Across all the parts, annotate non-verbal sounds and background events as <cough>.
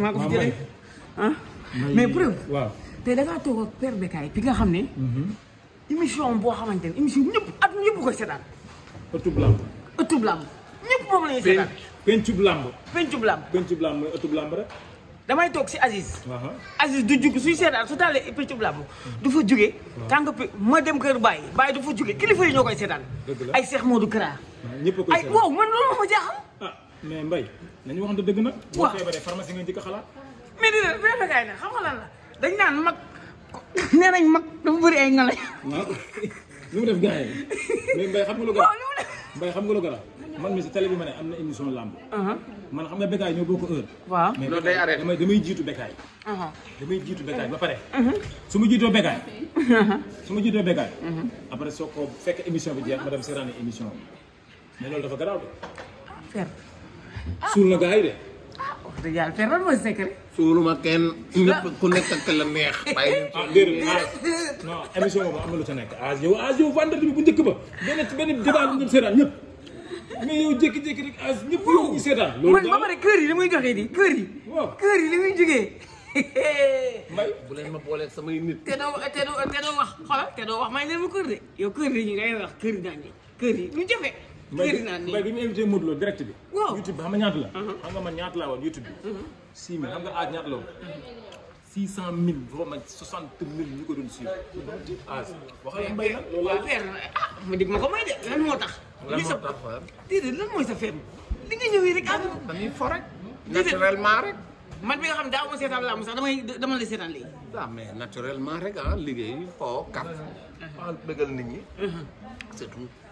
ma ko fi jëlee ah mais preuve te tey da ngaa toog ak nga xam ne mhm. émission boo xamante ne émission ñëpp at ñëpp koy seetaan ëttub lamb ëttub lamb ñëpp rek damay toog si Aziz Aziz du jug suy seetaan su taalee pencub lamb du fa jóge tànga p ma dem kër Baye Baye du fa jóge kilifa yi ñoo koy seetaan ay Cheikh Modou Kara ay waaw man loolu ma jaaxal ah. mais Mbaye nañu waxante dëgg nag. waaw boo feebaree pharmacie nga njëkk a xalaat. mais déedéet feebar gaay na xam nga lan la dañ naan mag nee nañ mag dafa bëri ay ngelaw. Ah, waaw lu mu def gaay mais Mbaye xam nga lu garaaw <laughs> Mbaye xam nga lu garaaw man mi si télé bi ma ne am na émission làmb. Uh-huh. man xam nga Bécaye ñoo bokk heure. waaw loolu day arrêté mais damay jiitu Bécaye. Uh-huh. damay jiitu Bécaye ba pare. Uh-huh. su ma jiitoo Bécaye. su ma jiitoo Bécaye. après soo ko fekk émission bi jeex ma dem seetaan émission bi mais loolu dafa garaaw de. Ah, suul na gars yi de. ah wax dëgg yàlla te lan mooy ku nekk ak la neex. bàyyi leen ah, non émission boobu am na nekk as yow as bu njëkk ba benn benn débat bu ñu seetaan ñëpp mais yow jékki-jékki rek as ñu seetaan. loolu daal yi li muy joxee di kër yi. waaw kër yi li muy jógee. may bu ma boole samay nit. te doo te doo wax xoolal te doo wax may leen ma kër de yow kër yi ñu ngay wax kër yi daan kër mbay mbay bi ñu direct bi. YouTube bi xam nga ñaata la. Uh-huh. xam nga man ñaata laa woon YouTube bi. 6000 uh-huh. xam nga aaj ñaata la 600000 vraiment 60000 ñu ko doon suivre. aaj waxal mbay la loolu laa feer ma dégg ma ko may de lan moo tax. lan moo tax waaw déedéet lan mau sa mungkin li nga ñëwee rek am. dañuy fo rek. naturellement rek. man bi nga xam daaw ma seetaan am sax damay dama lay seetaan léegi. waaw ah, mais naturellement rek ah liggéey foo kàpp. Uh-huh. bëggal nit ñi. c'est tout.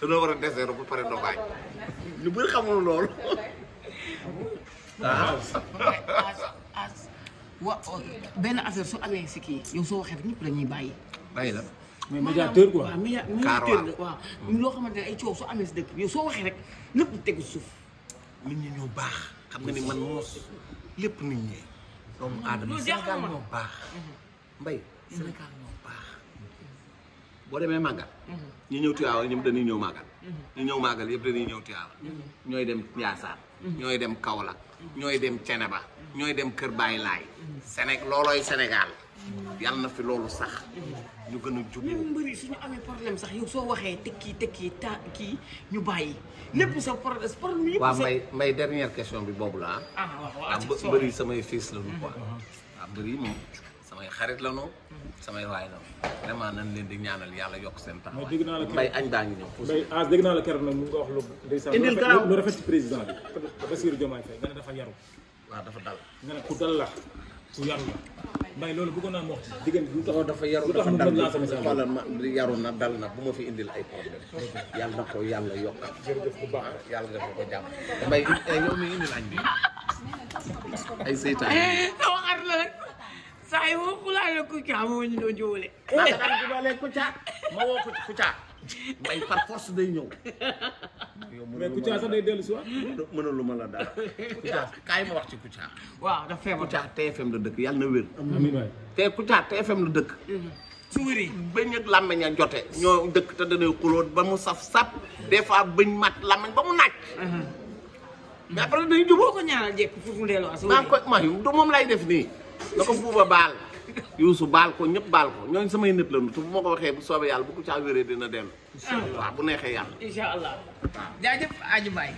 danoo <laughs> war a désert bu pare ndox ñu bëri xamul loolu. Ah. Ah. <laughs> benn affaire su amee si kii yow soo waxee rek ñëpp dañuy bàyyi. bàyyi la mais médiateur quoi. waaw médiateur la waaw. xamante ne ay coow su amee si waxee rek lépp tegu suuf. nit ñi ñoo baax. xam nga ni man moos lépp nit ñi. doomu mm-hmm. aadama mm-hmm. Sénégal moo baax. mbay Sénégal moo baax. boo demee màggal mhm. ñu ñëw Tiwaawan ñëpp dañuy ñëw màggal mhm. ñu ñëw màggal yëpp dañuy ñëw Tiwaawan mhm. ñooy dem Njaasaan ñooy dem Kaolack ñooy dem Ceneba ñooy dem Kër Baay Laay Séné loolooy Sénégal yàlla na fi loolu sax ñu gën a jubóo même suñu amee problème sax yow soo waxee tekki tekki ta kii ñu bàyyi lépp sa problème yëpp waaw may may dernière question bi boobu la ah, ah samay fils la ñu quoi waaw mbëri moom samay xarit la noo samay waay la vraiment nañ leen di ñaanal yàlla yokk seen taxawaay. mais dégg naa la keroog añ daa ngi ñëw. Ah, la keroog nag mu nga lu. ndeysaan indil gaaw lu rafet ci président bi. Bassirou Diomaye Faye nga ne dafa yaru. waaw dafa dal. nga ne ku dal la la. mbay loolu bëggoon naa mu wax ci diggante bi. dafa dafa yaru na dal na bu ma fi indil ay problème yàlla ko yàlla yokk. jërëjëf bu eh, indil añ bi ay seytaan <laughs> Kouthia moo ñu doon jubale. ah da daan ma woo Kouthia mbay par force day ñëw. yow mënuluma la mais Kouthia sax si waat. mënuluma la daal Kouthia ma wax ci Kouthia. waaw dafa feebar Kouthia la dëkk yàlla na wér. amiin waay te Kouthia TFM la dëkk. suur yi bëñ ak a jote ñoo dëkk te danay xulóot ba mu saf sap des fois bëñ mat làmmeñ ba mu naaj. mais après dañu jubóo ko ñaanal jekk pour mu delloo. maa ngi koy maa lay def nii. na ko buuba baal. yuusu baal ko ñëpp baal ko ñooñ samay nit la nu te bu ma ko waxee bu soobee yàlla bu ko caa wéree dina dellu waaw bu neexee yàlla incha allah jaajëf aju baay